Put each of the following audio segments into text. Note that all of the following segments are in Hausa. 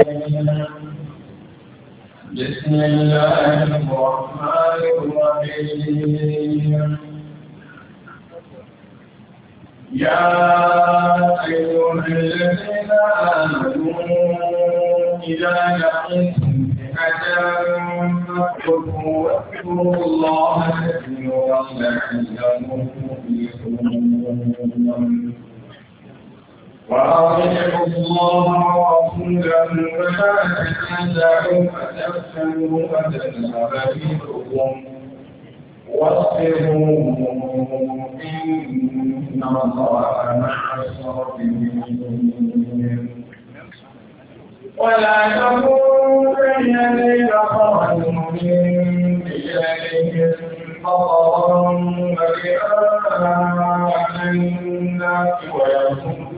بسم الله الرحمن الرحيم يا أيها الذين آمنوا إذا لقيتم فئة فاخذوا واذكروا الله كثيرا لعلكم تفلحون وأطيعوا الله ورسوله ولا تنازعوا فتفشلوا وتذهب ريحكم واصبروا إن الله مع الصابرين ولا تكونوا كالذين خرجوا من بلادهم بطرا ورئاء الناس ويصدون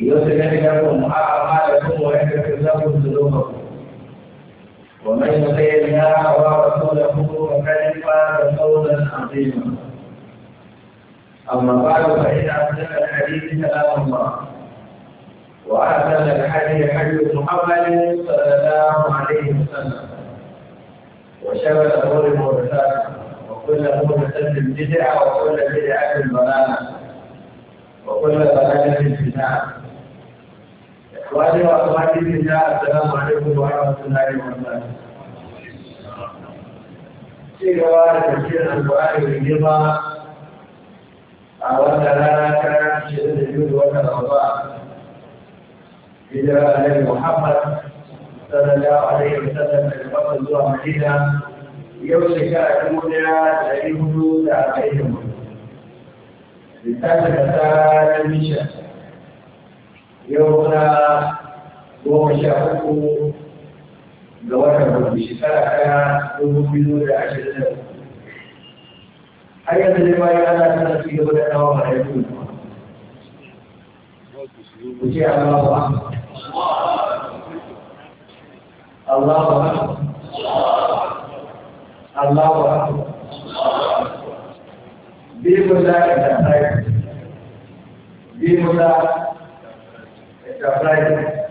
يصلح لكم أعمالكم ويغفر لكم ذنوبكم ومن يطع الله ورسوله فقد فاز فوزا عظيما أما بعد فإن أصدق الحديث كلام الله وأحسن الحديث حديث محمد صلى الله عليه وسلم وشر الأمور محدثاتها وكل محدثة بدعة وكل بدعة ضلالة وكل ضلالة في النار wani wa kuma kifin ya assalamu alaikum wa rahmatullahi wa barakatuh cewa da tafiyar alƙur'ani mai girma a wannan rana ta shirin da biyu da watan ramadan hijira annabi muhammad sallallahu alaihi wa sallam daga makka zuwa madina yau shekara dubu ɗaya da ɗari hudu da arba'in da hudu littafin da ta mishan يومنا goma sha uku ga watan gobe shekara ɗaya dubu biyu da ashirin da uku. Har yanzu dai bayan ana tana ci gaba da kawo mala'iku. Ku ce Allah ba. Allah ba. Allah ba. Bi mu da ta sai. Bi mu da كفاية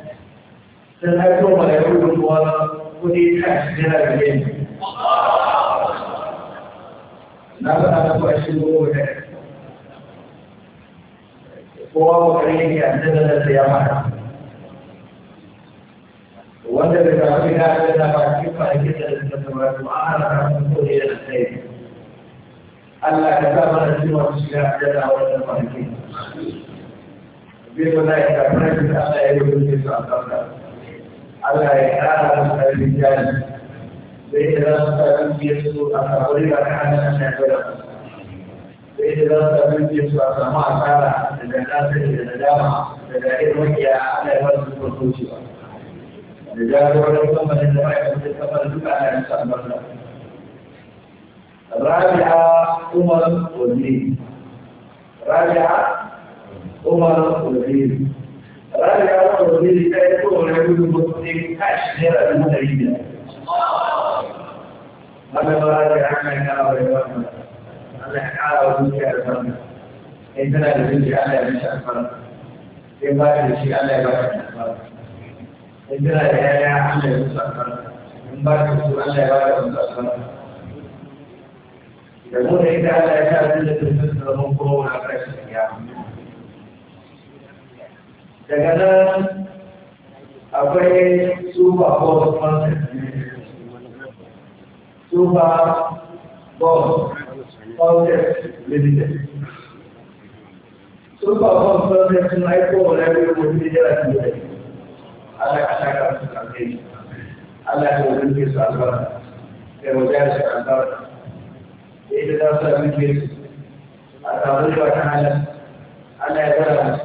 سنأتوا ما يقول وقدي تحسنا اليمين نبقى نبقى شنو هو وكريم يعتذر الزيارة wanda da tafi na da ba ki fara ki da da tabar ku ana kan ko ne da sai Allah ka sa mana ciwon shiga da da wannan farki zai zo na yadda da a sauka Allah zai a da a da ba da هو الغير رجع الغير يكون يقول المسلم أشهر المدعية هذا ما راجع عنا كارا ويوانا أنا كارا ويوانا أنا إننا نجي على مشاكل إما نجي على مشاكل إننا نجي على مشاكل إما نجي على مشاكل يقول إذا لا يكاد إلا تلفزنا من قرون على الأشياء daga nan akwai super bowl concert super bowl concert limited super bowl concert sun haiko wani biyu mutum jira su yi ala ka shaka su kamfe ala ka wurin ke su albarka kai wajen shi albarka da ita za su abin ke su a tsarin ba ta hana ala ya zara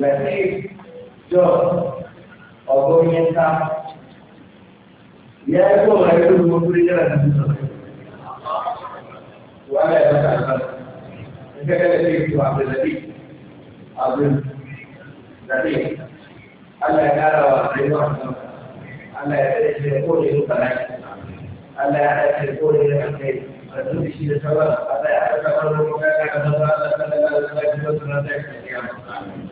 Latif, John, Ogoyenta. Ya itu orang itu mengumpulkan jalan itu. Tuhan ya kata Mereka kata itu Abdul Latif. Abdul Latif. Allah ya kata Allah Allah ya kata Syekul itu kanak. Allah ya kata Syekul itu kanak. Rasul isi da sabar. Allah ya kata Syekul itu kanak. Allah ya kata Syekul itu kanak. Allah ya kata Syekul itu kanak.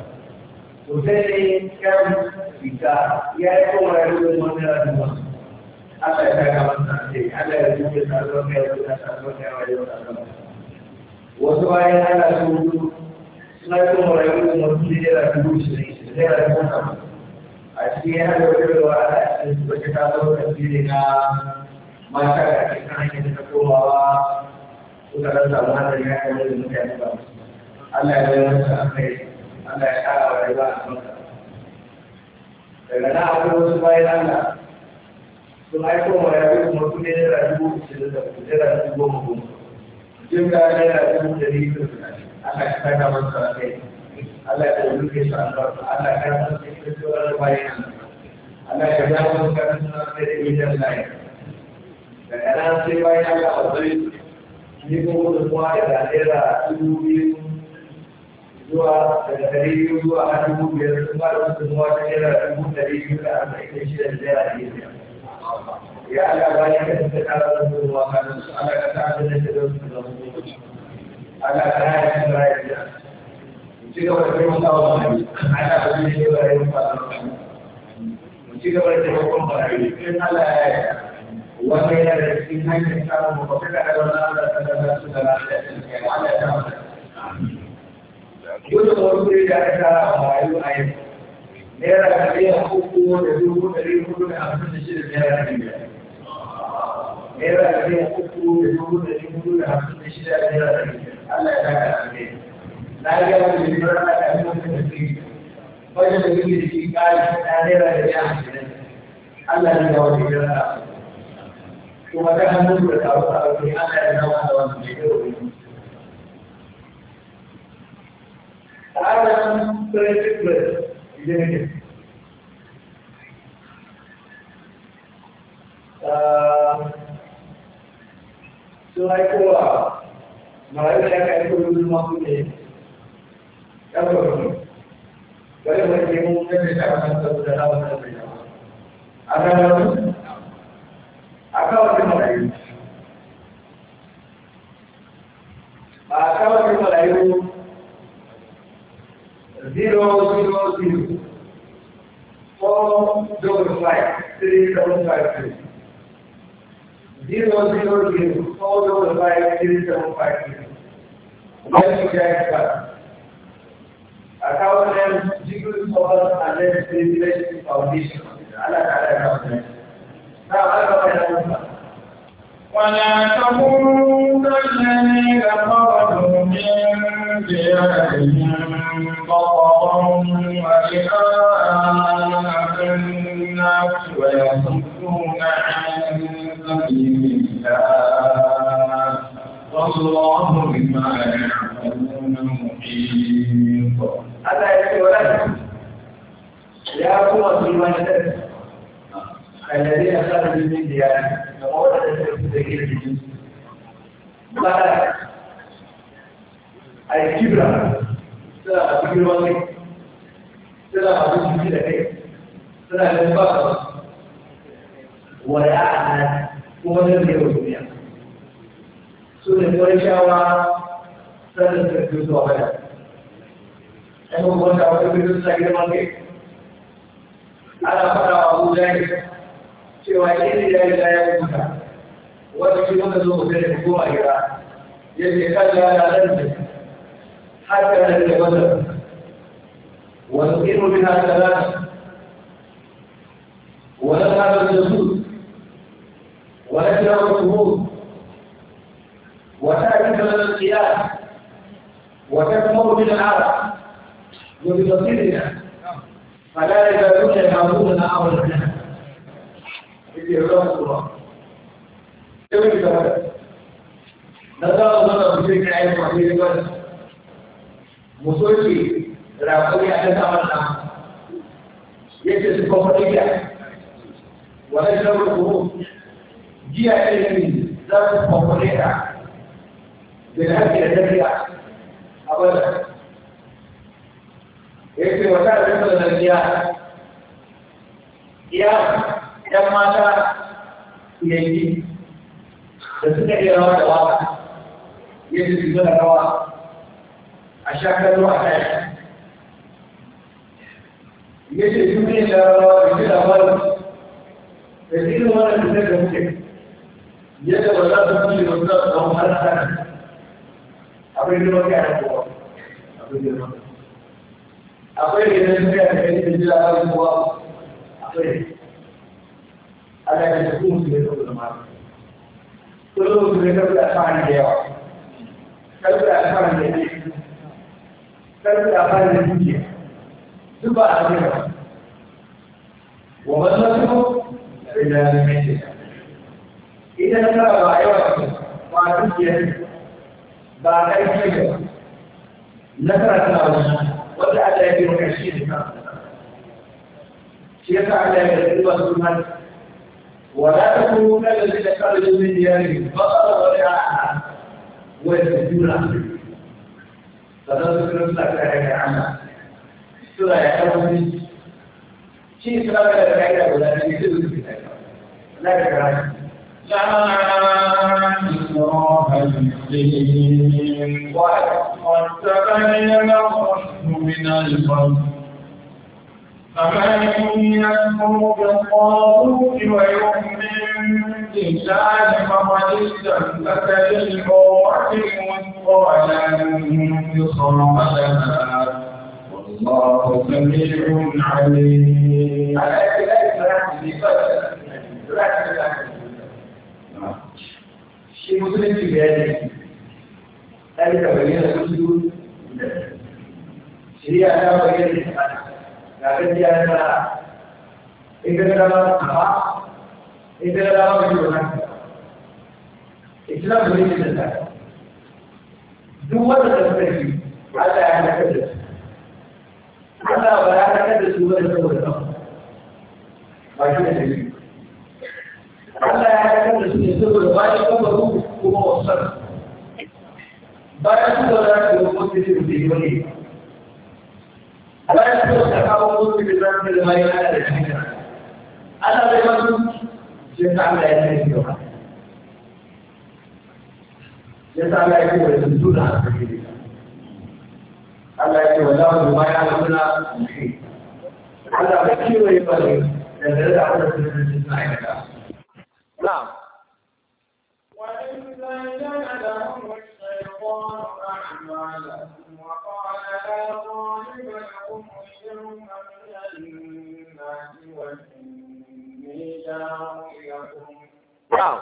Ustedes quedan quizá y hay como la luz de manera de más. Hasta que haga bastante, hasta que tú te salgas de la salud de la vida. Wasu bayan ana su suna kuma rayuwar mutum da da kuma shi ne, da da kuma a cikin yana da wata da a cikin su bace ta zo da fili na mata da ke kan hanyar ta komawa suka rasa wani da ya kai da mutane ba. Allah ya yi masa akai Allah ya kara wa rayuwa a maka daga nan akwai wasu bayan Allah sun aiko wa ya kai kuma sun naira dubu ishirin da kuma naira dubu goma goma jin da naira dubu da ni sun Allah ya kara masa a kai Allah ya kara duke shi albarka Allah ya kara masa cikin sauran bayan Allah ya kara masa karin suna sai da idan layi daga nan sai bayan Allah a zai ni kuma da kuma da naira dubu biyu zuwa daga ɗari biyu zuwa a dubu biyar sun ba da wasu zuwa ta naira biyu da da shida da biyar. Ya Allah ba ni tafi da su zuwa ka da su Allah ka ta abin da ta zo su zama. Allah ka haya shi da rayar da. Ci gaba da kuma sawa marayu, ana ba da Allah ya yarda. Wannan yana da cikin hanyar samun mafaka da wani Allah ta zama su da lafiya da ke ta masa. yau da wani wuri da aka tara a marayu a yau naira miliyan uku da dubu ɗari hudu da hamsin da shida da biyar naira miliyan uku da dubu ɗari hudu da hamsin da shida naira biyar Allah ya saka alheri na ga wani da na da mutum da shi wajen da yake da shi na naira da ya hamsin Allah ya ga wani da kuma ta hannun da tawo a ne Allah ya zama da wani da ya Adam terjebak di sini. Uh, Selain itu, Melayu saya akan ikut dulu rumah putih. Ya, betul. Jadi, saya ingin mengumumkan saya akan mengatakan sudah tahu saya beritahu. Aku lagi Melayu. lagi zero zero zero four double five three double five three zero zero zero four double Let me check that. A thousand Jesus covers and then privilege foundation. Allah Allah Now Allah Allah. ولا تكونوا كالذين من بِأَهْلِهِمْ بَطَرًا وَرِئَاءَ النَّاسِ وَيَصُدُّونَ عَن سَبِيلِ اللَّهِ وَاللَّهُ بِمَا يَعْمَلُونَ مُحِيطٌ هذا يقول يا قوة المنزل الذين خرجوا من ديارهم وولدت في ذكر الجنس الكبرى سلا أبو جرمانك سلا أبو جرمانك سلا أبو جرمانك والأعنى هو الذي يوزنيا سورة قريشة سلا تكتوز وعلا أبو موسى وكبير سلا جرمانك أنا فرع أبو جاهل cewa irin ya yi ya kuka wata shi wanda zo mutum da kowa gira ya ce kan ya da nan da حتى نتوجه ونقيم بها كلاما ونذهب النصوص ونجرى الصمود وتأتي من القياس وتكمر من العرب وببصيرنا فلا يزالون يهابوننا أمر في بالإعلام الله كيف نزال الله بشرك عين وحيد البلد mu soke rakuri a kan saman nan yadda su kuma ɗaya wani shawarar kuma jiya ilimi za su kuma ɗaya da na haƙƙi da tafiya a ya ce wata da tafiya da tafiya iya ɗan mata yanki da suka iya rawa da waka yadda su rawa أشهد أحد يجي يجي يجي الأول فإن وانا كنت ممكن يجي ولا تمشي ولا أو هذا هذا أبين له كأنه أبين له أبين له كأنه يجي الأول هو أبين أنا كنت أقول في هذا المعنى كل يوم في هذا الأسمان اليوم كل الأسمان اليوم karfi a da dukiya duk ba a jira wa wannan su da na kashe idan ka ba yawa ce ba dukiya ba karfi ba nasara ta wani wanda Allah ya bi maka shi ne ka shi yasa Allah ya bi maka sunan ولا تكونوا كالذين خرجوا من ديارهم فقروا sannan su kuma suna kira kai da Allah suna ya kawo ni shi islam da kai da guda ne duk su fita la da kara la إكراه الدين وقد تبين الرشد من الغي فمن يكفر بالطاغوت ويؤمن بالله فقد استمسك بالعروة وعلانهم بخاملها والله سميع عليم على Şimdi bu süreç ilerledi. El kabarıyla kusuyor. Şimdi ayağa bakıyor. Zaten diğer tarafa. İkide tarafa kafa. İkide tarafa bakıyor. İkide tarafa bakıyor. duk wanda da Allah ya halaka da su Allah ba ya da su wani saboda kan shi da Allah ya da su ne saboda ba shi kuma wasan bayan su su yi da yi wani bayan su ta kawo da za su yi da bayan da ana zai Allah ya da sai ta Allah ya ce wa yanzu da Allah ya ce wa lahu ma ya lamuna Allah bai kiwaye ba ne dangane da abin da suke cikin aikata na'am وإذ زين لهم الشيطان أعمالهم وقال لا غالب لكم اليوم من الناس وإني جار لكم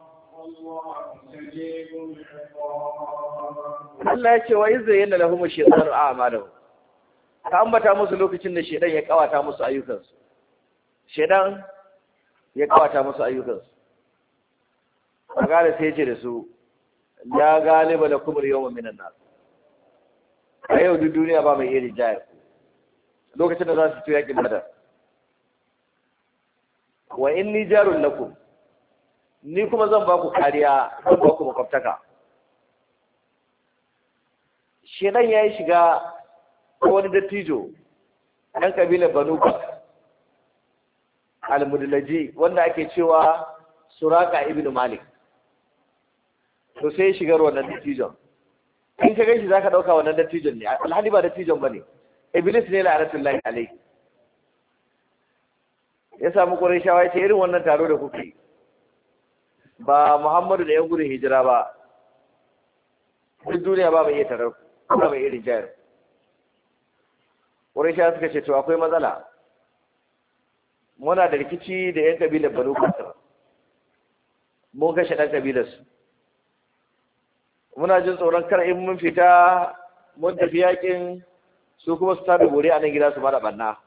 Allah ya ce wa izza yana lahumu a a'malahu ka ambata musu lokacin da shedan ya kawata musu ayyukansu shedan ya kawata musu ayyukansu gane sai ce da su ya galiba da kumar yawan minan nasu, a yau duk duniya ba mai iya rijaya lokacin da za su to yakin badar wa in ni jarun lakum ni kuma zan ba ku kariya zan ba ku makwabtaka shedan ya yi shiga wani dattijo ɗan ƙabila banuka almudulaji wanda ake cewa suraka ibn malik to sai ya shigar wannan dattijon in ka gaishe za ka ɗauka wannan dattijon ne alhali ba dattijon ba ne iblis ne la'anatun lahi alai ya samu ƙwarai shawa ce irin wannan taro da kuke ba muhammadu da ya gudun hijira ba duk duniya ba mai iya tarar ba mai irin jayar wurin shi suka ce to akwai matsala muna da rikici da yan kabilar banu kasar mun kashe ɗan su muna jin tsoron kar in mun fita mun tafi yakin su kuma su tabi bore a nan gida su mara banna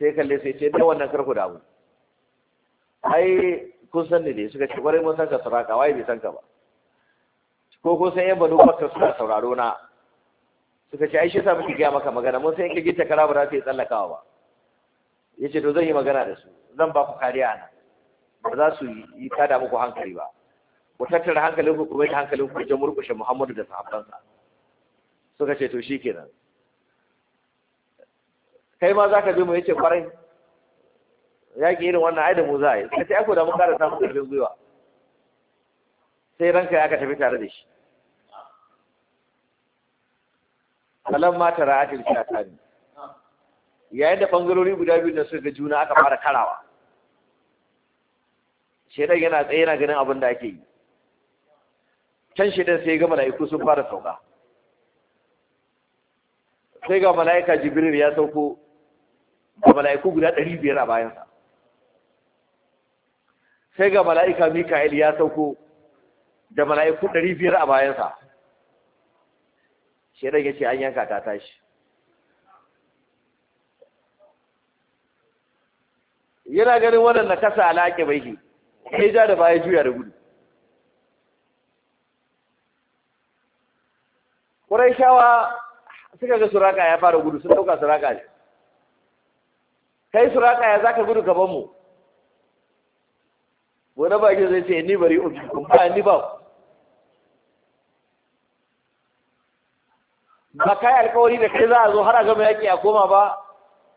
sai kalle sai ce da wannan karku damu ai kun san ne suka ce kwarai mun san ka sauraka, wai bai san ka ba ko ko san yan banu bakar suka sauraro na suka ce ai shi sa muke gaya maka magana mun san yake ka gita kara ba za ta yi tsallakawa ba yace to zan yi magana da su zan ba ku kariya na, ba za su yi tada muku hankali ba ku tattara hankalin ku kuma hankalin ku wajen murkushe Muhammadu da sahabbansa suka ce to shikenan kai ma za ka bi mu yace kwarai yaƙi irin wannan ai da mu za a yi sai ta aiko da mun kada samun karfin gwiwa sai ranka ya ka tafi tare da shi kalan mata ra'atil shatani yayin da bangarori guda biyu da suka ga juna aka fara karawa shedan yana tsaye yana ganin abin da ake yi can shedan sai ga mala'iku sun fara sauka sai ga mala'ika jibril ya sauko da mala'iku guda ɗari biyar a bayansa sai ga mala'ika mika'il ya sauko da mala'iku ɗari biyar a bayansa shaidan ya ce an yanka ta tashi yana ganin waɗanda kasa alaƙe bai shi ya ja da bayan juya da gudu ƙurai shawa suka ga suraka ya fara gudu sun ɗauka suraka ne kai suraka ya za ka gudu gabanmu wani bakin zai ce ni bari ubi kun ba ni ba ba kai alkawari da kai za a zo har a gama yaƙi a koma ba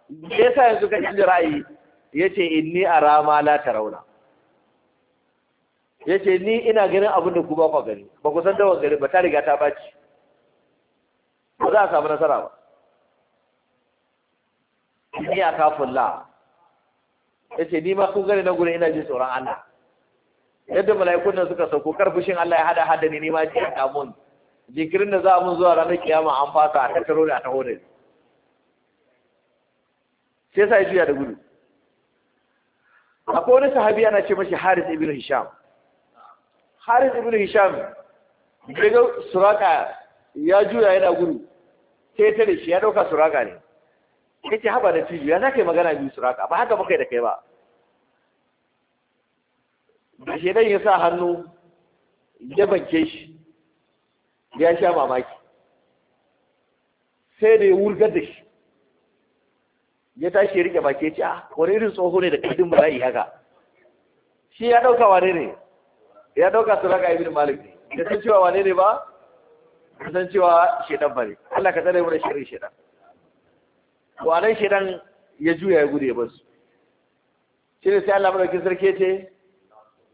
me yasa yanzu ka canza ra'ayi yace inni a rama la Ya ce ni ina ganin abin da ku ba ku gani ba ku san dawan gari ba ta riga ta baci ba za a samu nasara ba ni a kafin la ce ni ma kun gani na gudu ina ji tsoron Allah yadda mala'ikun nan suka sauko karfushin Allah ya hada hada ne ne ma ce a mun jikirin da za mu zuwa ranar kiyama an fasa a tattaro da taho da sai sa ya juya da gudu akwai wani sahabi ana ce mashi Haris ibn Hisham Haris ibn Hisham daga suraka ya juya yana gudu sai ta da shi ya dauka suraka ne ce haba da tiju ya ka yi magana biyu suraka ba haka yi da kai ba da shedan ya sa hannu ya banke shi ya sha mamaki sai da ya wurgar da shi ya tashi ya rike baki ya ce ah wani irin tsoho ne da kadin bala'i haka shi ya dauka wane ne ya dauka suraka ibn malik ne da san cewa wane ne ba da san cewa shedan bane Allah ka tsare mu shirin shedan to anan shedan ya juya ya gudu ya basu shi ne sai Allah madaukakin sarki ya ce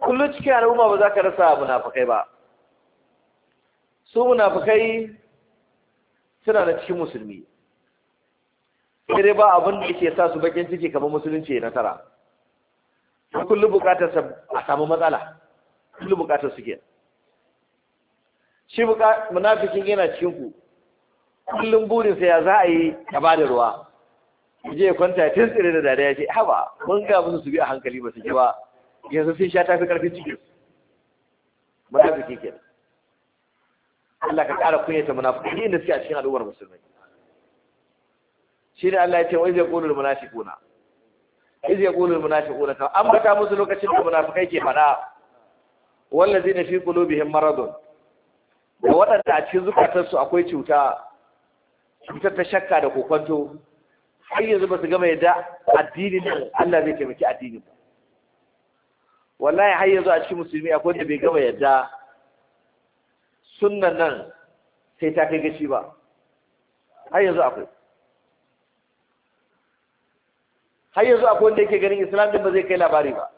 kullum cikin al'umma ba za ka rasa munafukai ba su munafukai suna da cikin musulmi sai dai ba abin da yake sa su bakin ciki kamar musulunci na nasara kullum bukatar a samu matsala kullum bukatar su ke shi munafikin yana cikin ku kullum burinsa ya za a yi ka ba da ruwa je kwanta tun tsire da dariya ce haba mun ga musu su bi a hankali ba su ke ba yanzu sun sha tafi karfin cikin munafiki ke Allah ka ƙara kunyata munafiki inda suke a cikin al'ummar musulmai shine Allah ya ce wa izai yaqulu al munafiquna iz yaqulu munafiquna ka an ta musu lokacin da munafikai ke fada wallazina fi qulubihim maradun da waɗanda a cikin su akwai cuta cutar ta shakka da kokonto har yanzu ba su gama yadda addinin Allah zai taimaki addinin ba wallahi har yanzu a cikin musulmi akwai da bai gama yadda sunnan nan sai ta kai gashi ba har yanzu akwai har yanzu akwai wanda yake ganin islam din ba zai kai labari ba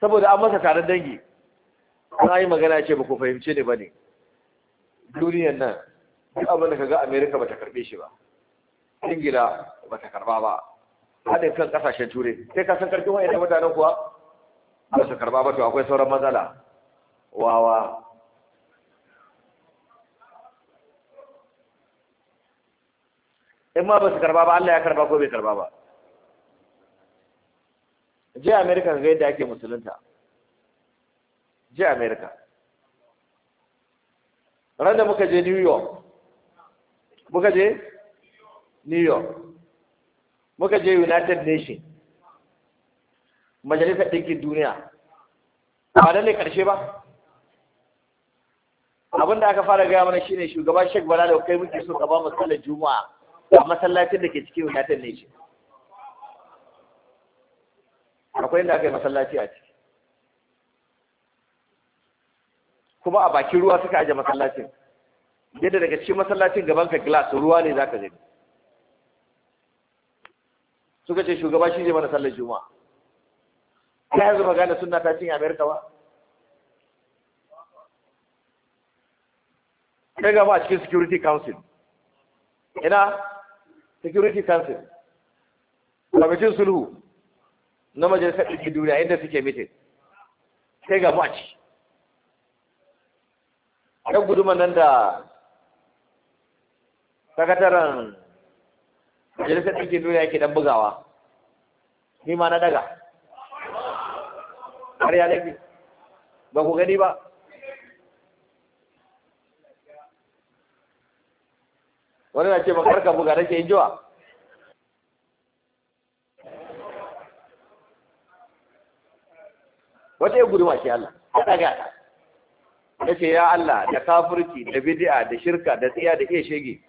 saboda an masa taron dangi an yi magana ce ba ku fahimce ne ba ne duniyan nan duk abin da ka ga amerika ba ta karbe shi ba ingila ba ta karba ba haɗin kan ƙasashen turai sai ka san karfin wa'in mutanen kuwa ba su karba ba to akwai sauran matsala wawa in ma ba su karba ba Allah ya karba ko bai karba ba je America ga yadda ake musulunta je America ran da muka je New York muka je New York muka je United Nations majalisar ɗinkin duniya ba da ne ƙarshe ba abinda aka fara gaya mana shine shugaban shek bala da kai muke so ka ba mu sallar juma'a a masallacin da ke cikin united nation akwai inda aka yi masallaci a ciki kuma a bakin ruwa suka aje masallacin yadda daga cikin masallacin gaban ka glass ruwa ne zaka gani suka ce shugaba shi ne mana sallar juma'a ta yanzu Magana gane suna ta cinye amerika ba ta gaba a cikin security council ina security council kwamitin sulhu na majalisar ɗinki duniya inda suke mitin ta gaba a ci ɗan guduman nan da sakataren majalisar ɗinki duniya ke ɗan bugawa ni ma na daga har ya laifi, ba ku gani ba wani na ce ba karka buga nake yin jiwa wata ya guduma shi Allah ya ɗaga ta ya ce ya Allah da kafirci da bidi'a da shirka da tsiya da iya shege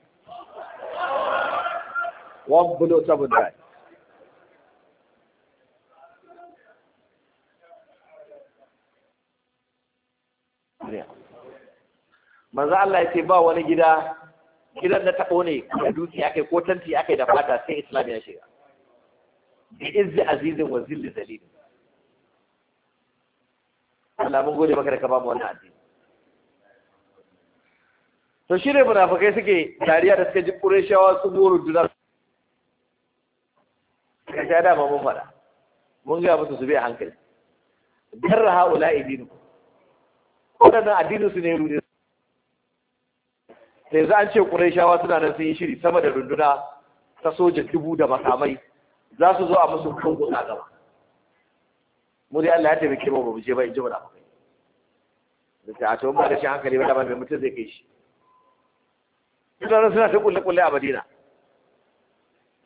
wọn bulo sabon da manzo Allah ya ce ba wani gida gidan na tabo ne da dutse akai ko tanti akai da fata sai islam ya shiga bi izzi azizin wa zilli zalil Allah mun gode maka da ka ba mu wannan addini to shi ne munafikai suke dariya da suka ji ƙureshawa sun goro juna ka sha dama mun faɗa mun gaya musu su bi a hankali darra ha'ula idinu waɗannan addinin su ne rude sai za an ce ƙurayshawa suna nan sun yi shiri sama da runduna ta soja dubu da makamai za su zo a musu kan guda gaba mu dai Allah ya taimake mu ba mu je ba in ji mu da da ta to ba da shi hankali ba da ba mutum zai kai shi suna suna ta kulle kulle a Madina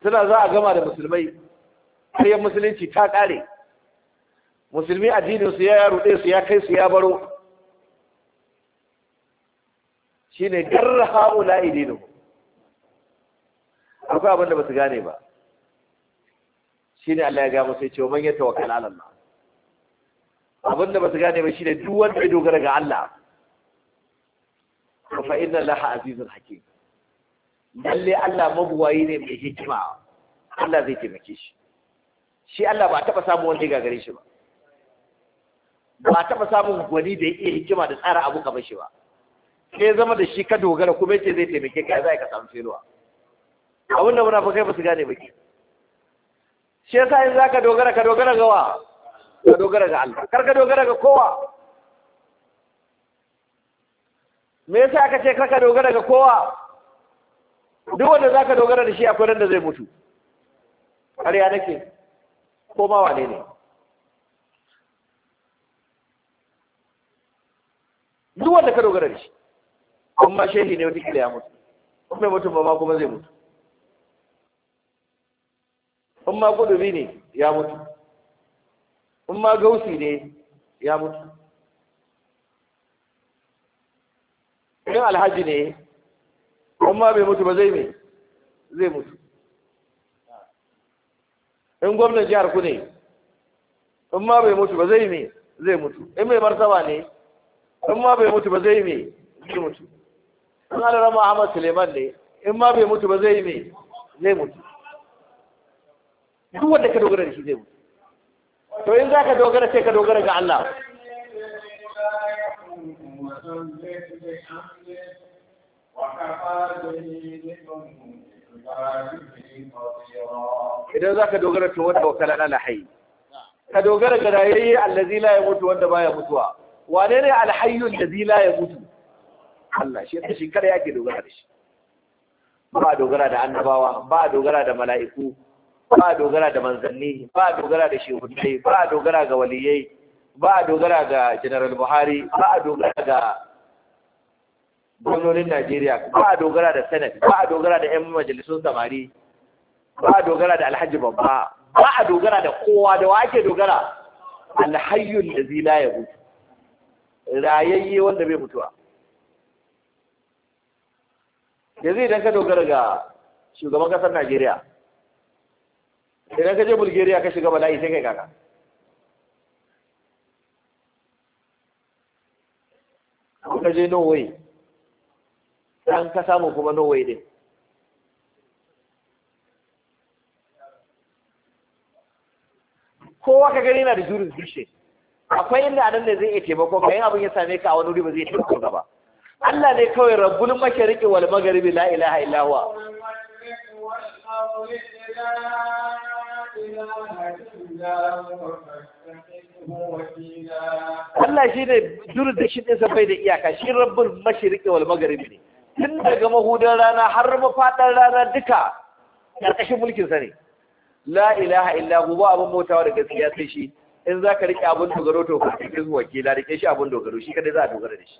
suna za a gama da musulmai sai musulunci ta kare musulmi addinin su ya rude su ya kai su ya baro shine garra haula idinu akwai abin da su gane ba ne Allah ya ga musu cewa man ya tawakkal ala Allah abin da gane ba shine ne wanda da dogara ga Allah fa inna laha azizun haƙi lalle Allah mabuwayi ne mai hikima Allah zai taimake shi shi Allah ba taɓa samun wanda ya gagare shi ba ba taɓa samun gwani da ya iya hikima da tsara abu kamar shi ba sai zama da shi ka dogara kuma yace zai taimake ka zai ka samu filuwa abin da kai ba su gane ba ke shi yasa in zaka dogara ka dogara ga wa ka dogara ga Allah kar ka dogara ga kowa me yasa aka ce kar ka dogara ga kowa duk wanda zaka dogara da shi akwai ran da zai mutu Har ya nake ko ma wane ne duk wanda ka dogara da shi kuma shehi ne wata ya mutu kuma mutu ba ma kuma zai mutu in ma kudubi ne ya mutu in ma gausi ne ya mutu in alhaji ne in ma bai mutu ba zai mai zai mutu in gwamnan jihar ku ne in ma bai mutu ba zai mai zai mutu in mai martaba ne in ma bai mutu ba zai mai zai mutu in an rama Ahmad Suleiman ne in ma bai mutu ba zai ne zai mutu duk wanda ka dogara da shi zai mutu to in za ka dogara sai ka dogara ga Allah idan za ka dogara to wanda wakala na lahayi ka dogara ga rayayye allazi la ya mutu wanda baya mutuwa wane ne alhayyun allazi la ya mutu Allah shi yadda shi kada yake dogara da shi ba dogara da annabawa ba dogara da mala'iku ba dogara da manzanni ba dogara da shehudai ba dogara ga waliyai ba dogara ga general buhari ba dogara ga gwamnonin najeriya ba dogara da senate ba dogara da yan majalisun samari ba dogara da alhaji babba ba a dogara da kowa da wa ake dogara alhayyun da zila ya mutu rayayye wanda bai mutuwa yanzu idan ka dogara ga shugaban kasar Najeriya idan ka je Bulgaria ka shiga bala'i sai kai kaka ka je Norway dan ka samu kuma Norway din kowa ka gani na da jurisdiction akwai inda anan ne zai iya taimako kayan abin ya same ka a wani wuri ba zai taimako ba Allah ne kawai rabbul mashariqi wal magharibi la ilaha illa huwa Allah shi ne shi ne bai da iyaka shi rabbul mashariqi wal magharibi ne tun daga mahudan rana har mafaɗar rana duka ƙarƙashin sa ne la ilaha illa hu ba abin motawa da gaskiya sai shi in za ka riƙe abin dogaro to ka rike wakila riƙe shi abin dogaro shi kada za a dogara da shi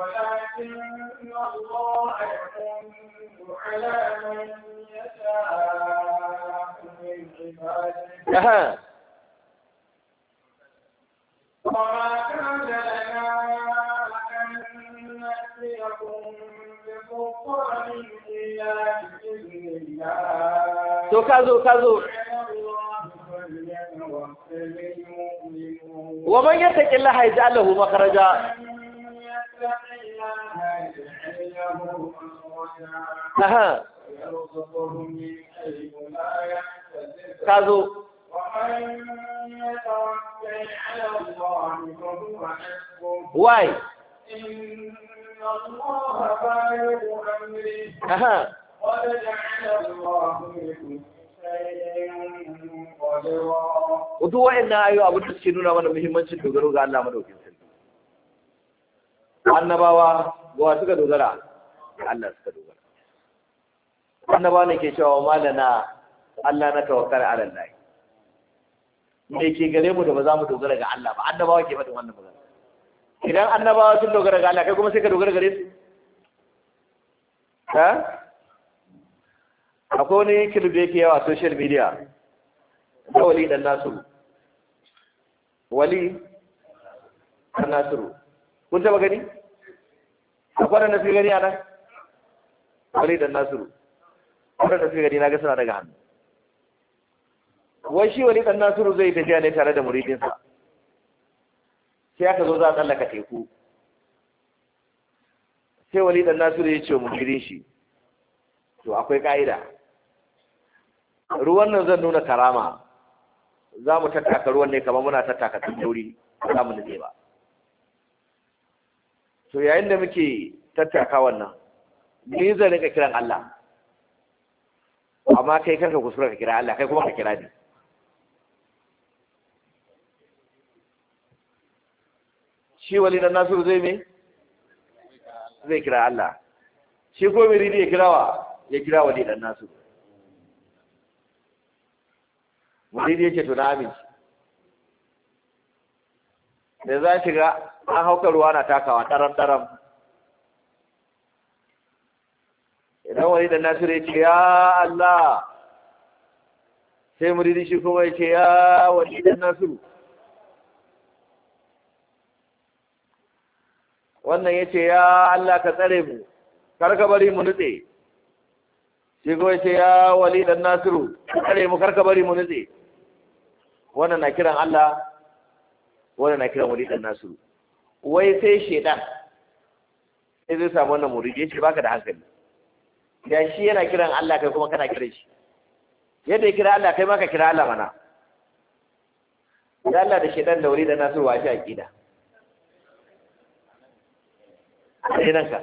ولكن الله يمن على من يشاء من عباده وما كان لنا أن نأتيكم بسلطان إلا بإذن الله كذو كذو ومن يتق الله يجعل له مخرجا Kazo. Ka zo. Why? Aha. Duk wa'in na ayo abin da nuna mana muhimmancin dogaro ga Allah madaukinsa. annabawa wa suka dogara da Allah suka dogara annabawa ne ke cewa malana Allah na tawakkal ala Allah me ke gare mu da ba za mu dogara ga Allah ba annabawa ke faɗin wannan magana idan annabawa sun dogara ga Allah kai kuma sai ka dogara gare su ha akwai wani kilib da yake yawa social media da wali dan nasu wali dan nasiru kun taba gani akwai na fi gani a nan wani dan nasiru na fi gani na ga daga hannu wai shi wani dan nasiru zai tafiya ne tare da muridinsa sai aka zo za a tsallaka teku sai wani dan nasiru ya ce muridin shi to akwai ka'ida ruwan nan zan nuna karama za mu tattaka ruwan ne kamar muna tattaka tun tauri za mu nutse ba to yayin da muke tattaka wannan ni zan rika kiran Allah amma kai karka kuskura ka kira Allah kai kuma ka kira ni shi wali dan Nasiru zai me zai kira Allah shi ko ridi ya kira wa ya kira wali dan Nasiru miridi yake to na amince da za shiga an hauka ruwa na takawa ɗaran-ɗaran. idan wani da nasiru ya ce ya Allah sai muridi shi kuma ya ce ya wani da nasiru wannan ya ce ya Allah ka tsare mu kar ka bari mu nutse shi kuma ya ce ya wani da nasiru ka tsare mu kar ka bari mu nutse wannan na kiran Allah wannan na kira dan nasiru wai sai shedan sai zai samu wannan muridi shi baka da hankali da shi yana kiran Allah kai kuma kana kiran shi yadda ya kira Allah kai ma ka kira Allah mana ya Allah da shedan da muridan nasiru wa shi aqida aqidan ka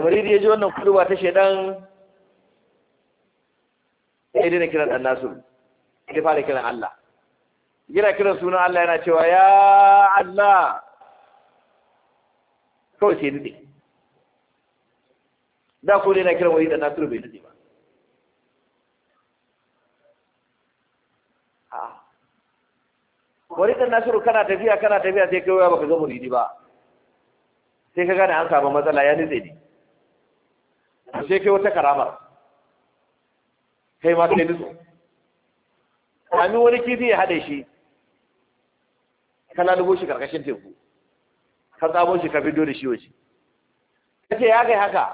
muridi ya ji wannan kuduwa ta shedan sai dai kiran dan nasu sai fara kiran Allah yana kiran sunan Allah yana cewa ya Allah kawai sai dade da ko dai na kiran wani dan nasu bai dade ba wani dan nasu kana tafiya kana tafiya sai kai baka zo muridi ba sai ka gane an samu matsala ya nitse ne sai kai wata karamar kai ma sai nutsu sami wani kifi ya haɗe shi ka lalubo shi karkashin teku ka tsamo shi ka fito da shi wace kace ya kai haka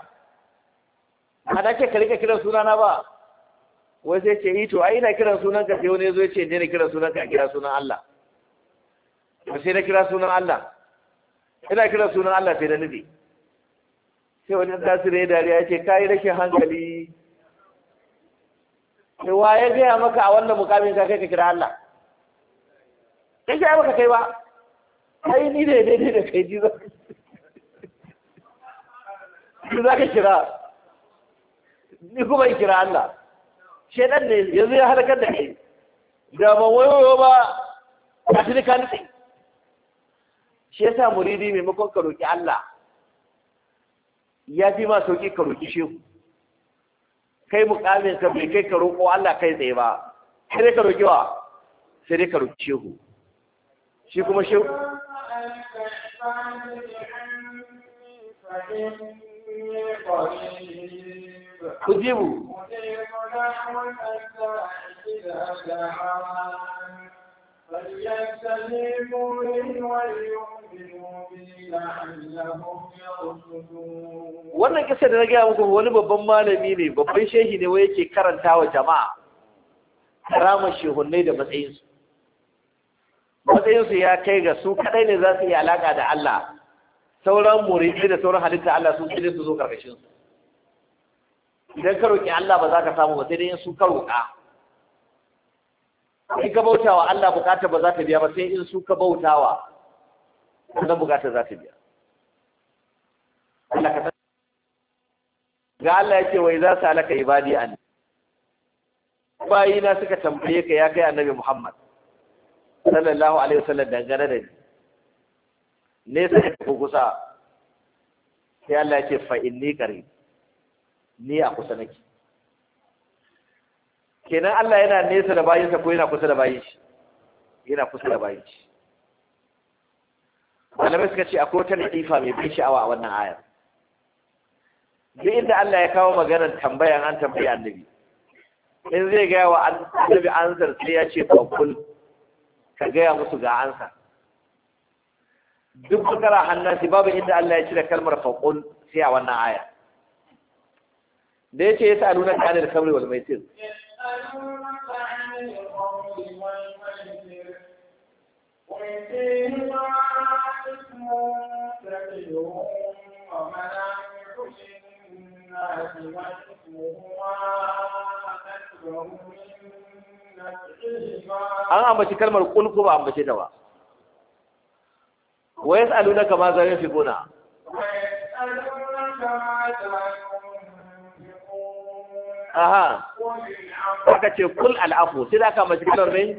A da ke ka kiran kiran na ba wai sai ce ito eh yi ina kiran sunan ka sai wani zo ya ce ne na kiran sunan ka kira sunan Allah ba sai na kira sunan Allah ina kiran sunan Allah sai na nufi sai wani tasiri ya dariya ya ce yi rashin hankali wa ya gaya maka a wannan mukamin ka kai ka kira Allah kai ya maka kai ba kai ni ne daidai da kai ji za ka kira ni kuma in kira Allah shedan ne yanzu ya halakar da kai da ban wayo ba ka shi ka nutsi shi sa muridi maimakon ka roƙi Allah ya fi ma sauƙi ka roƙi shehu kai mukamin ka bai kai ka roƙo Allah kai tsaye ba sai dai ka roƙi wa sai dai ka roƙi shehu shi kuma shehu kujibu wannan kisa da na gaya muku wani babban malami ne babban shehi ne wai yake karanta wa jama'a ramar shehunai da matsayinsu matsayinsu ya kai ga su kadai ne za su yi alaka da Allah sauran muridai da sauran halitta Allah sun kide su zo karkashin su idan ka roƙi Allah ba za ka samu ba sai dai su ka roƙa in ka bautawa Allah bukata ba za ta biya ba sai in su ka bautawa wannan bukata za ta biya Allah ka ga Allah yake wai za su alaka ibadi an bayina suka tambaye ka ya kai annabi Muhammad sallallahu alaihi wasallam dangane da ni. ne sai ka kusa sai Allah yake fa inni qarib ni a kusa nake kenan Allah yana nesa da bayinsa ko yana kusa da bayin shi yana kusa da bayin shi malamai suka ce akwai wata latifa mai bin sha'awa a wannan ayar duk inda Allah ya kawo maganar tambayan an tambayi annabi in zai gaya wa annabi ansar sai ya ce fakul ka gaya musu ga ansa duk bakara hannasi babu inda Allah ya cire kalmar fakul sai a wannan aya da yace yasa ya kana da kamar wal maitir فيهما إثم kalmar ومنافع ba an ambaci kalmar kul ko ba ambace ta ba wa yas'alunaka ma fi yunfiquna aha aka ce kul al'afu sai da ka ambaci kalmar mai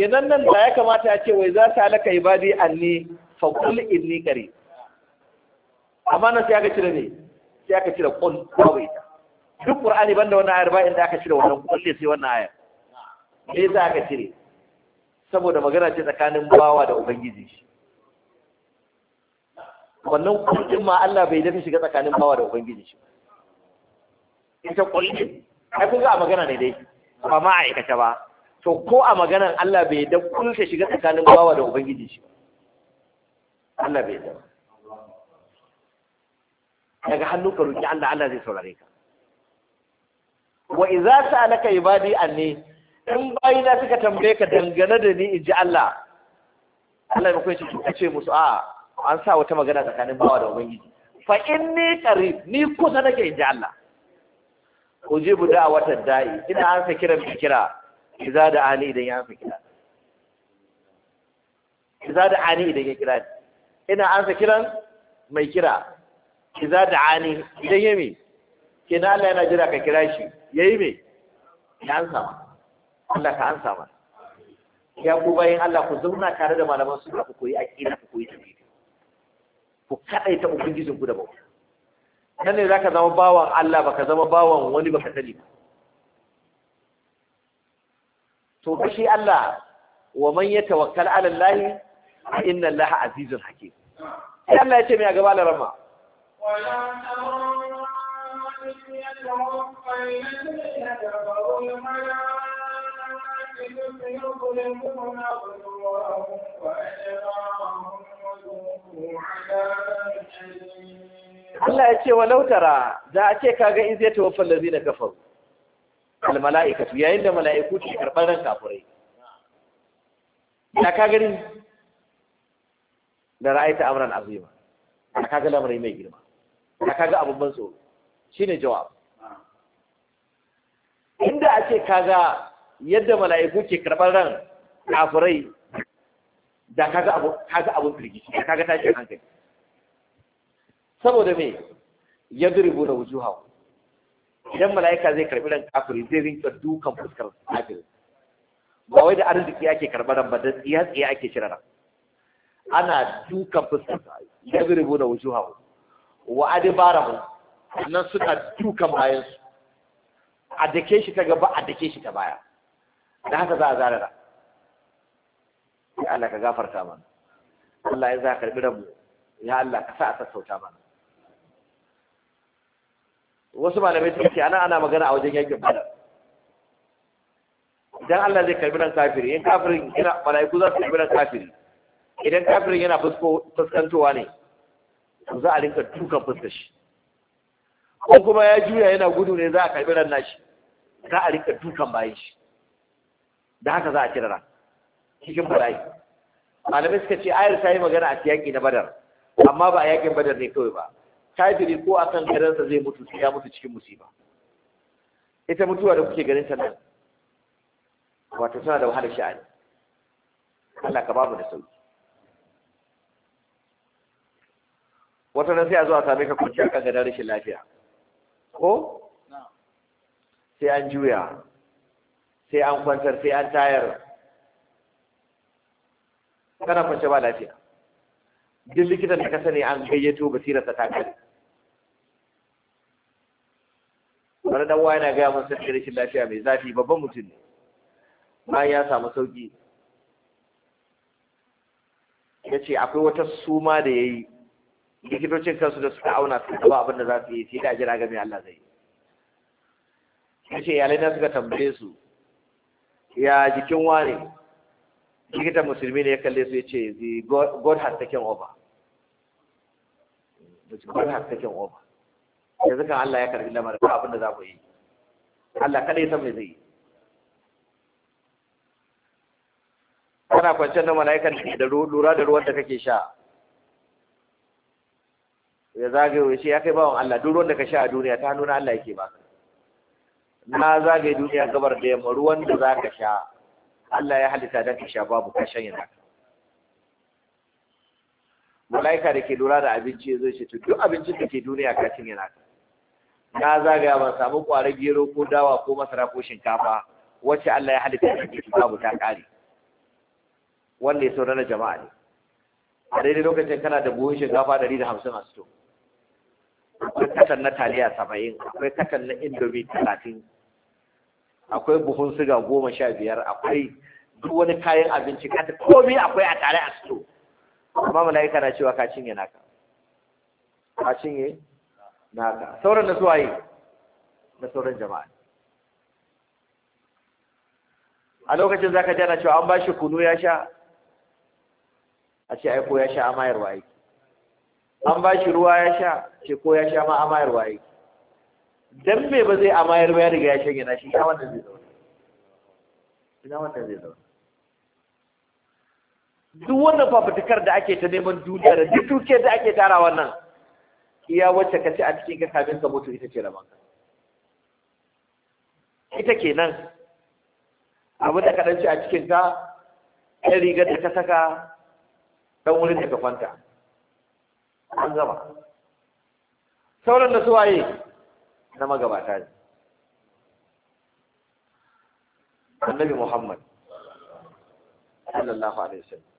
kenan nan da ya kamata ya ce wai za ta halaka ibadi anni fa kul inni kare. amma nan sai aka cire ne sai aka cire kul kawai ita duk qur'ani banda wannan ayar ba inda aka cire wannan kul sai wannan ayar me yasa aka cire saboda magana ce tsakanin bawa da ubangiji shi wannan din ma Allah bai dafa shiga tsakanin bawa da ubangiji shi ita din ai kun ga magana ne dai ba ma aikata ba to ko a maganar Allah bai da ta shiga tsakanin bawa da ubangiji shi Allah bai da daga hannu ka roki Allah Allah zai saurare ka wa idza sa'alaka ibadi anni in na suka tambaye ka dangane da ni inji Allah Allah ya kwace ka ce musu a an sa wata magana tsakanin bawa da ubangiji fa inni qarib ni kusa nake inji Allah ujibu da'watad da'i ina an sa kiran bi kira kiza da ani idan ya fi kira kiza da ani idan ya kira ina ansa kiran mai kira kiza da ani idan ya me kenan Allah yana jira ka kira shi yayi me ya ansa ma Allah ka ansa ma ya ku bayin Allah ku zauna tare da malaman su ku koyi aqida ku koyi tauhid ku ta ubangijin ku da bauta nan ne zaka zama bawan Allah baka zama bawan wani baka sani ba to ba shi Allah wa man yatawakkal ala Allah inna Allah azizun hakim sai Allah ya ce mai gaba da rama Allah ya ce wa lautara za a ce kaga in zai tawaffa lazina kafaru al-mala'ika yayin da mala'iku ke karɓar ran kafirai da ka gari da ra'ayta amran azima da ka ga lamarin mai girma da ka ga abin ban tsoro shine jawab inda a ce ka ga yadda mala'iku ke karɓar ran kafirai da ka ga abin firgici da ka ga tashin hankali saboda me yadribu da wujuhahu idan mala'ika zai karbi ran kafiri zai rinka dukan fuskar kafiri ba wai da arziki ake karɓar ba da tsiya tsiya ake shirara ana dukan fuskar ya bi rubu da wujuha wa mu nan suna dukan bayan su a dake shi ta gaba a dake shi ta baya da haka za a zarara ya Allah ka gafarta mana Allah ya za karbi mu ya Allah ka sa a sassauta mana wasu malamai sun ce ana ana magana a wajen yankin badar idan Allah zai karbi nan kafiri in kafirin yana malaiku za su karbi nan kafiri idan kafirin yana fusko fuskantowa ne to za a rinka tuka fuska shi ko kuma ya juya yana gudu ne za a karbi ran nashi za a rinka tukan bayan shi da haka za a kira ran cikin bala'i malamai suka ce ayar ta yi magana a yaƙi na badar amma ba a yaƙin badar ne kawai ba kafiri ko akan karansa zai mutu ya mutu cikin musiba ita mutuwa da kuke ganin ta nan wato tana da wahalar sha'ani Allah ka bamu da sauki wata nan sai a zo a same ka kwanci kan gadon rashin lafiya ko sai an juya sai an kwantar sai an tayar kana kwance ba lafiya duk likitan da ka sani an gayyato basirarsa ta kai kowa yana gaya mun sarki rashin lafiya mai zafi babban mutum ne bayan ya samu sauki ya ce akwai wata suma da ya yi likitocin kansu da suka auna su ba abin da za su yi sai da jira game Allah zai ya ce yalai na suka tambaye su ya jikin wane likitan musulmi ne ya kalle su ya ce the god has taken over god has taken over yanzu kan Allah ya karbi lamarin abin da za ku yi Allah kada ya san me zai yi kana kwanciyar da mala'ikan da da lura da ruwan da kake sha ya zagaye ya ya kai bawan Allah duk ruwan da ka sha a duniya ta nuna Allah yake baka na zagaye duniya gabar da yamma ruwan da za ka sha Allah ya halitta don ka sha babu ka shan yana mala'ika da ke lura da abinci ya zai shi, to duk abincin da ke duniya ka cin yana na zagaya ban samu kwarar gero ko dawa ko masara ko shinkafa wacce Allah ya halitta da ke babu ta ƙare wanda ya saurara jama'a ne a daidai lokacin kana da buhun shinkafa ɗari da hamsin a sito akwai katan na taliya saba'in akwai katan na indomi talatin akwai buhun siga goma sha biyar akwai duk wani kayan abinci kata komai akwai a tare a sito amma mala'ika na cewa ka cinye naka ka cinye na sauran da suwaye na sauran jama'a a lokacin zaka jana cewa an bashi kunu ya sha a ce ai ko ya sha amayar waye an bashi ruwa ya sha ce ko ya sha ma amayar waye dan me ba zai amayar ba ya riga ya sha na shi ina wannan zai zauna ina wannan zai zauna duk wannan fafutukar da ake ta neman duniya da duk dukiyar da ake tara wannan iya wacce ka ci a cikin ka kafin ka mutu ita ce ka ita ke nan, abin da ka a cikin ka ɗan rigar da ka saka ɗan wurin da ka kwanta an gama sauran da waye na magabata ne annabi muhammad sallallahu alaihi wasallam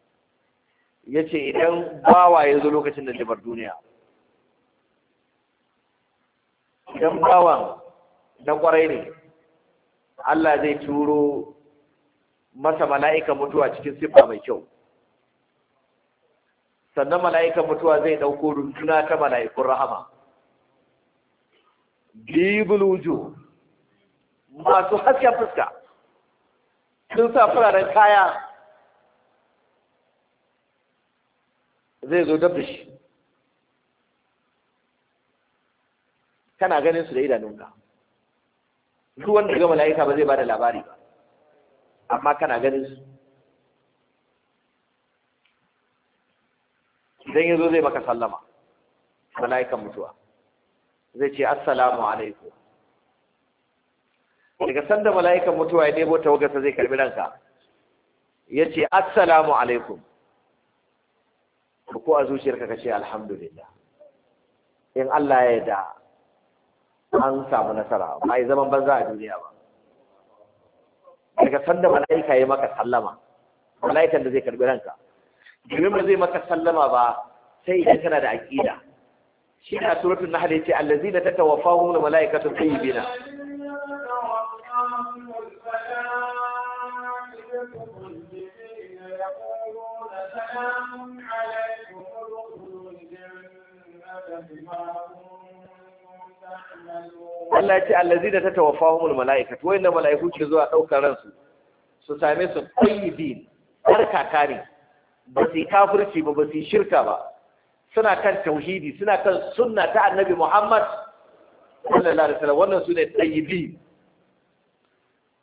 yace idan bawa ya zo lokacin da libar duniya idan bawan na kwarai ne Allah zai turo masa mala'ikan mutuwa cikin siffa mai kyau sannan mala'ikan mutuwa zai ɗauko runtuna ta mala'ikun rahama bibuluju masu hasken fuska sun sa fararen kaya zai zo da kana ganin su da idanunka duk wanda ga mala'ika ba zai bada labari ba amma kana ganin su idan yanzu zai maka sallama mala'ikan mutuwa zai ce assalamu alaikum daga sanda mala'ikan mutuwa ya nemo tawagarsa zai karbi ranka ya ce assalamu alaikum ko a zuciyarka ka ce alhamdulillah in Allah ya da an samu nasara ba ya zaman banza a duniya ba daga sanda mala'ika ya maka sallama mala'ikan da zai karbi ranka domin ba zai maka sallama ba sai idan kana da aqida shi na suratul nahl yace allazina tatawaffahum malaikatu tayyibina Thank you. Allah ya ce allazi da ta tawafa humul mala'ika to wayannan mala'iku ke zuwa ɗaukar ransu su same su qayyidin barkaka ne ba su kafirci ba ba su shirka ba suna kan tauhidi suna kan sunna ta annabi Muhammad sallallahu alaihi wasallam wannan sune tayyibin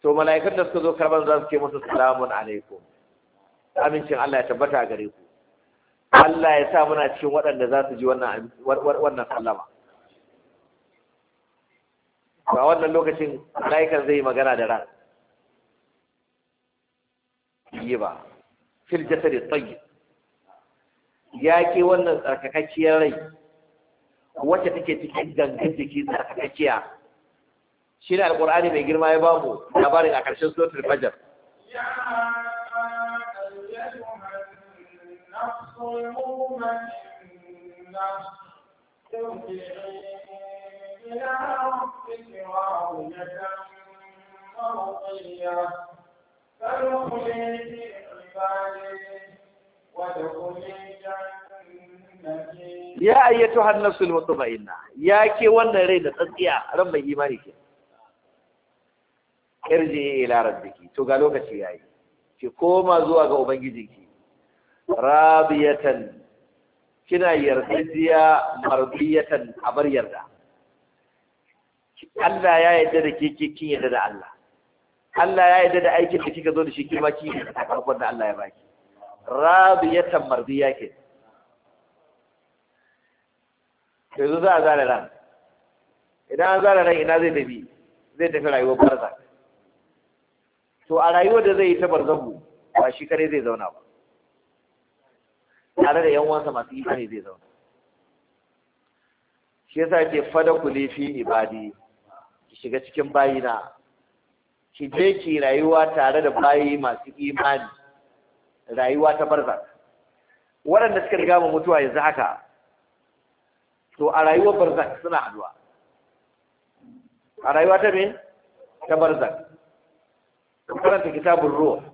to mala'ikun da suka zo karban za su ce musu salamun alaikum amincin Allah ya tabbata a gare ku Allah ya sa muna cikin waɗanda za su ji wannan wannan sallama Ba wannan lokacin mala'ikan zai magana da ran yi ba fil jasadi tsayi ya ke wannan tsarkakakiyar rai wacce take cikin gangan jiki tsarkakakiya shi ne alƙur'ani mai girma ya bamu labarin a ƙarshen suratul fajar المؤمنة Ya ayyatu hannasu lmatsu ba'ina, ya ke wannan rai da tsatsiya. ran mai imani ke. Ƙirji ya yi larar da ke, to ga lokaci ya yi, ke koma zuwa ga Ubangijinki, rabiyatan, kina yarda ziya marbiyatan a bar yarda. Allah ya yarda da ke ke kin yarda da Allah Allah ya yarda da aikin da kika zo da shi kima ki da karfin da Allah ya baki radiyatan mardiya ke yanzu za a zara ran idan an zara ran ina zai tafi zai tafi rayuwar barza to a rayuwar da zai yi ta barzahu ba shi kare zai zauna ba tare da yan masu masu kare zai zauna shi yasa ke fada kuli fi ibadi shiga cikin bayina ki je ki rayuwa tare da bayi masu imani rayuwa ta barza waɗanda suka riga mu mutuwa yanzu haka to a rayuwar barzak suna haduwa a rayuwa ta me ta barzak karanta kitabun ruwa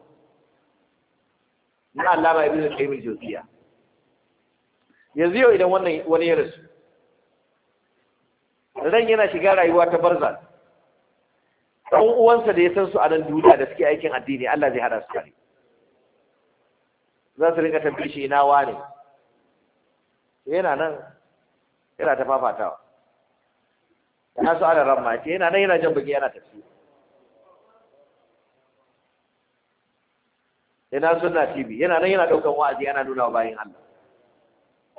na alama ibn al-qayyim al yanzu yau idan wannan wani ya rasu ran yana shiga rayuwa ta barzak ɗan uwansa da ya san su a nan duniya da suke aikin addini Allah zai hada su kare za su rinka tambaye shi ina wane yana nan yana ta fafatawa ya su ana ramma ce yana nan yana jan bugi yana tafi ina sunna tv yana nan yana daukan wa'azi yana nuna wa Allah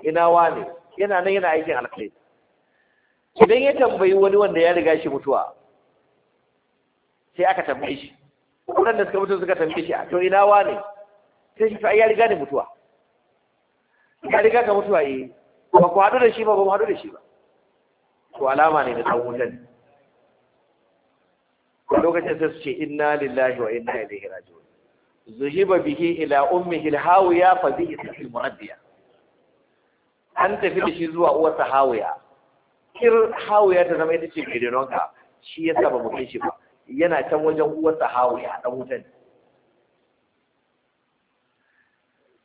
ina wane yana nan yana aikin alkhairi idan ya tambayi wani wanda ya riga shi mutuwa sai aka tambaye shi waɗanda suka mutu suka tambaye shi a to ina wa ne sai shi ai ya riga ne mutuwa ya riga ka mutuwa yi? Eh. ba ku haɗu da shi ba ba mu haɗu da shi ba to alama ne da tsawutan lokacin sai su ce inna lillahi wa inna ilaihi raji'un zuhiba bihi ila ummihi alhawiya fa bihi al muraddiya an tafi da shi zuwa uwarsa hawiya kir hawiya ta zama ita ce mai shi yasa ba mu kai shi ba yana can wajen uwarsa hawiya dan wutan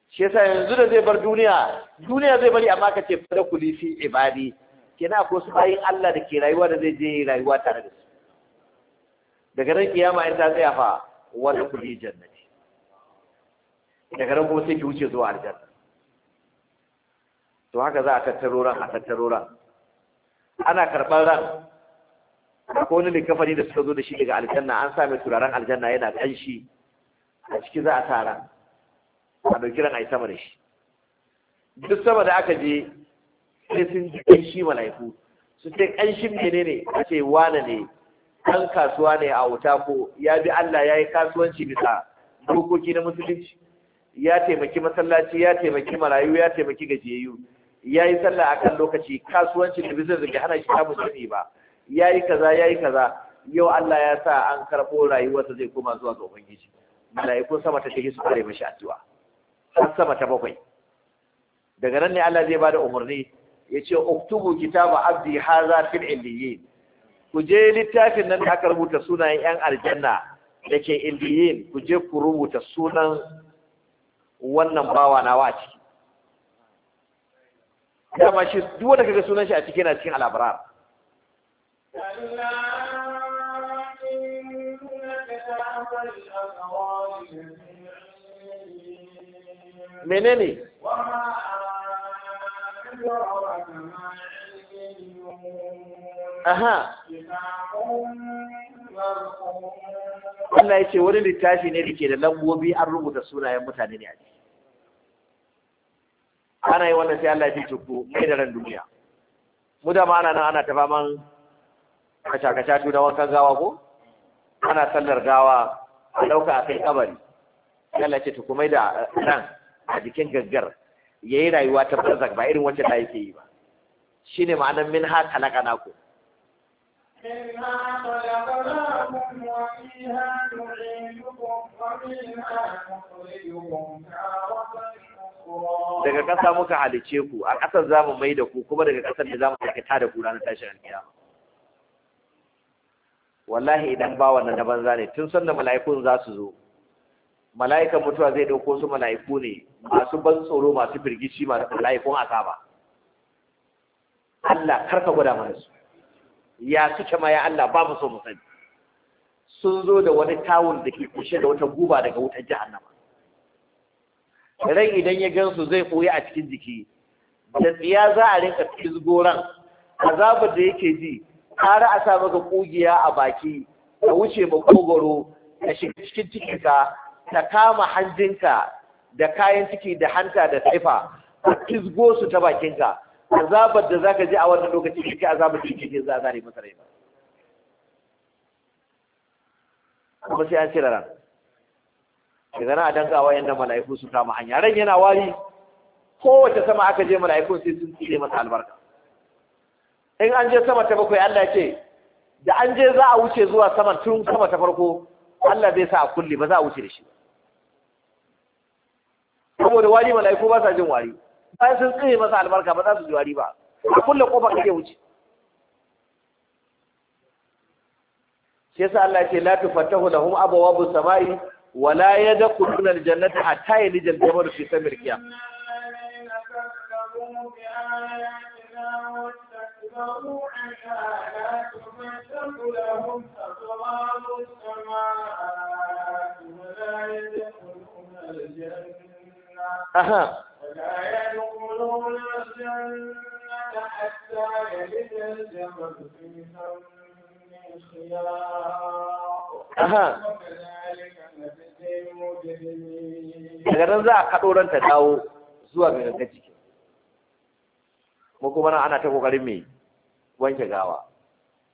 shi yasa yanzu da zai bar duniya duniya zai bari amma ka ce fada kuli fi ibadi kenan akwai su bayin Allah da ke rayuwa da zai je rayuwa tare da su daga nan kiyama in ta tsaya fa wanda kuli jannati daga nan kuma sai ki wuce zuwa aljanna to haka za a tattaro ran a tattaro ran ana karɓar ran akwai wani kafani da suka zo da shi daga aljanna an sa turaren aljanna yana kanshi a ciki za a tara a dauki ran a sama da shi duk sama da aka je sai sun ji kanshi mala'iku su ce kanshin menene a ce wane ne kan kasuwa ne a wuta ko ya bi Allah ya yi kasuwanci bisa dokoki na musulunci ya taimaki masallaci ya taimaki marayu ya taimaki gajiyayyu ya yi sallah akan lokaci kasuwanci da bisa zai hana shi ta sani ba Ya yi kaza ya yi kaza yau Allah ya sa an karɓo rayuwarsa zai koma zuwa ga ubangiji mala'iku sama ta shi su kare mishi addu'a har sama ta bakwai daga nan ne Allah zai bada umarni ce uktubu kitaba abdi haza fil indiyin ku je littafin nan da aka rubuta sunayen yan aljanna da ke indiyin ku je ku rubuta sunan wannan bawa na a ciki dama shi duk wanda kaga sunan shi a ciki yana cikin al'abrar كلا Aha. Allah ya ce wani littafi ne da ke da lambobi an rubuta sunayen mutane ne a ciki. Ana yi wannan sai Allah ya ce ku mai da ran duniya. Mu da ma ana nan ana ta faman kaca-kaca da wankan gawa ko ana sallar gawa a ɗauka a kai kabari Allah ce ta kuma da ran a jikin gaggar ya yi rayuwa ta barzak ba irin wacce ta yake yi ba shi ne ma'anar min ha kalaka na ku daga ƙasa muka halice ku a ƙasar zamu mai da ku kuma daga ƙasar da zamu mu da ku ranar tashin alkiyama wallahi idan ba wannan na banza ne tun sanda mala'ikun za su zo mala'ikan mutuwa zai dauko su mala'iku ne masu ban tsoro masu firgici masu mala'ikun azaba Allah karka gwada mana su ya suke ma ya Allah ba mu so mu sani sun zo da wani tawul da ke kushe da wata guba daga wutar jahannama rai idan ya gansu zai koya a cikin jiki da tsiya za a rinka fisgoran azabar da yake ji ƙara a sa maka ƙugiya a baki ta wuce makogoro ta shiga cikin cikinka ta kama hanjinka da kayan ciki da hanta da taifa ta kisgo su ta bakinka azabar da za ka ji a wannan lokacin a azabar cikin ciki za a zare masa rai kuma sai an cire ran daga nan a dangawa wa mala'iku su kama hanya ran yana wari kowace sama aka je mala'ikun sai sun tsire masa albarka in an je sama ta bakwai Allah ce da an je za a wuce zuwa sama tun sama ta farko Allah zai sa a kulle ba za a wuce da shi saboda wari mala'iku ba sa jin wari bayan sun tsaye masa albarka ba za su ji wari ba a kulle kofa kake wuce shi yasa Allah ce la tufattahu lahum abwaabus samai wa yadkhuluna aljannata hatta yalijal jamal fi samir qiyam Aha. Aha. Daga nan za a kaɗo ranta dawo zuwa mai rangaji. mu kuma nan ana ta kokarin me wanke gawa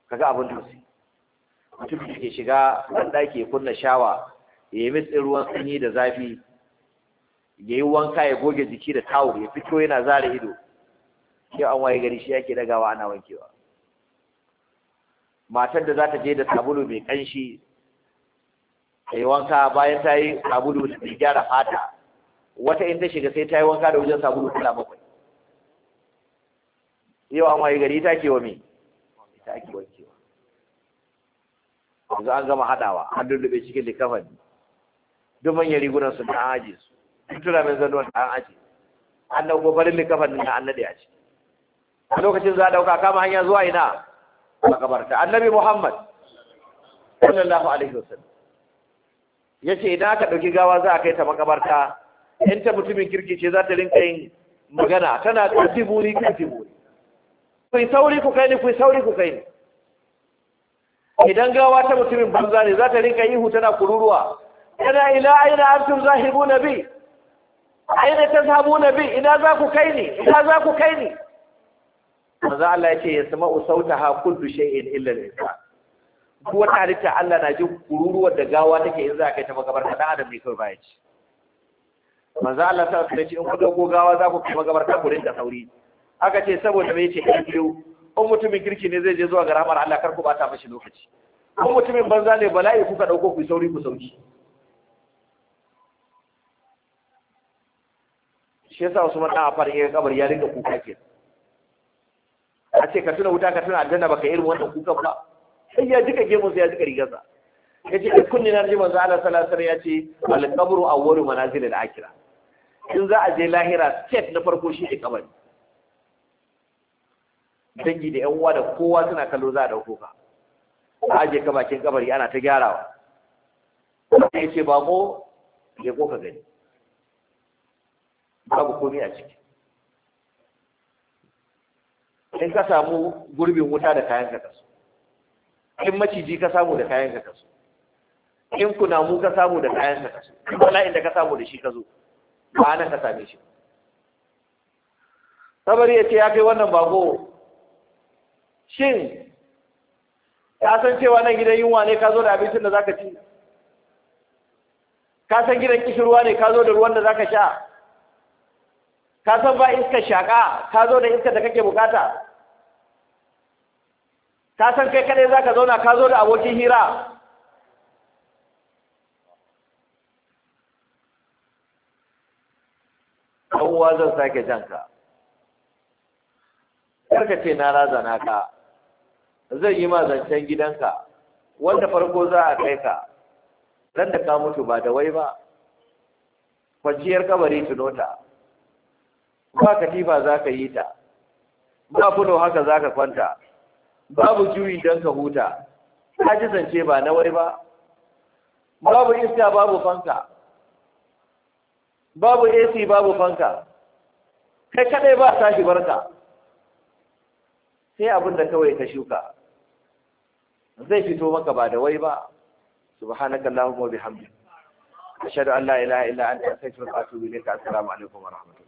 kaga abin su mutum da ke shiga dan dake kunna shawa ya yi mitsin ruwan sanyi da zafi ya yi wanka ya goge jiki da tawo ya fito yana zara ido shi an waye gari shi yake dagawa ana wankewa matar da za ta je da sabulu mai kanshi ta yi wanka bayan ta yi sabulu da gyara fata wata inda shiga sai ta yi wanka da wajen sabulu kula bakwai yau an waye gari ke wa me ke wa wankewa yanzu an gama haɗawa an lullube cikin likafan duk manyan rigunan su na an su duk min zanuwan da an aji. an dauko farin likafan na an naɗe a ciki a lokacin za a ɗauka kama hanya zuwa ina kabarta annabi muhammad sallallahu alaihi wasallam ya ce idan aka ɗauki gawa za a kai ta makabarta in ta mutumin kirki ce za ta rinka yin magana tana ƙarfi buri ƙarfi buri Kuyi sauri ku kai ne ku sauri ku kai idan gawa ta mutumin banza ne za ta rinka ihu tana kururuwa yana ila aina antum zahibu nabi aina tazhabu nabi ina za ku kai ne ina za ku kai ne manzo Allah yace yasma'u sautaha kullu shay'in illa al-insan ko ta halitta Allah na jin kururuwar da gawa take in za ka ta makabarta dan adam ne kawai baya ci manzo Allah ta ce in ku dogo gawa za ku kai ta ku rinka sauri aka ce saboda mai ce ɗan biyu in mutumin kirki ne zai je zuwa ga ramar Allah kar ku bata mashi lokaci in mutumin banza ne bala'i kuka ɗauko ku sauri ku sauki shi yasa Usman a fara yin kabar ya rinka kuka ke a ce ka tuna wuta ka tuna aljanna baka irin wannan kuka ba sai ya jika gemun sai ya jika rigarsa ya ce kunni na ji manzo Allah sallallahu alaihi ya ce al-qabru awwalu manazil al-akhirah in za a je lahira state na farko shi ne kabari dangi da yan uwa da kowa suna kallo za a dauko ka a aje ka bakin kabari ana ta gyarawa sai ya ce ba ko ya ko ka gani babu komai a ciki in ka samu gurbin wuta da kayan ka kaso in maciji ka samu da kayan ka kaso in kunamu ka samu da kayan ka kaso in bala'in da ka samu da shi ka zo ba nan ka same shi sabari ya ce ya kai wannan bago shin ya san cewa nan gidan yunwa ne ka zo da abincin da zaka ci ka san gidan kishirwa ne ka zo da ruwan da zaka sha ka san ba iska shaka ka zo da iska da kake bukata ka san kai kadai zaka zauna ka zo da abokin hira uwa zan sake janka karka ce na razana ka zai yi ma zancen gidanka wanda farko za a kai ka dan da ka mutu ba da wai ba kwanciyar kabari tuno ta. ba katifa za ka yi ta ba fulo haka za ka kwanta babu juyi don ka huta ka ji zance ba na wai ba babu iska babu fanka babu ac babu fanka kai kadai ba tashi barka sai abin da kawai ka shuka zai fito maka ba da wai ba subhanaka allahumma wa bihamdika ashhadu an la ilaha illa anta astaghfiruka wa atubu ilayka assalamu alaikum wa rahmatullahi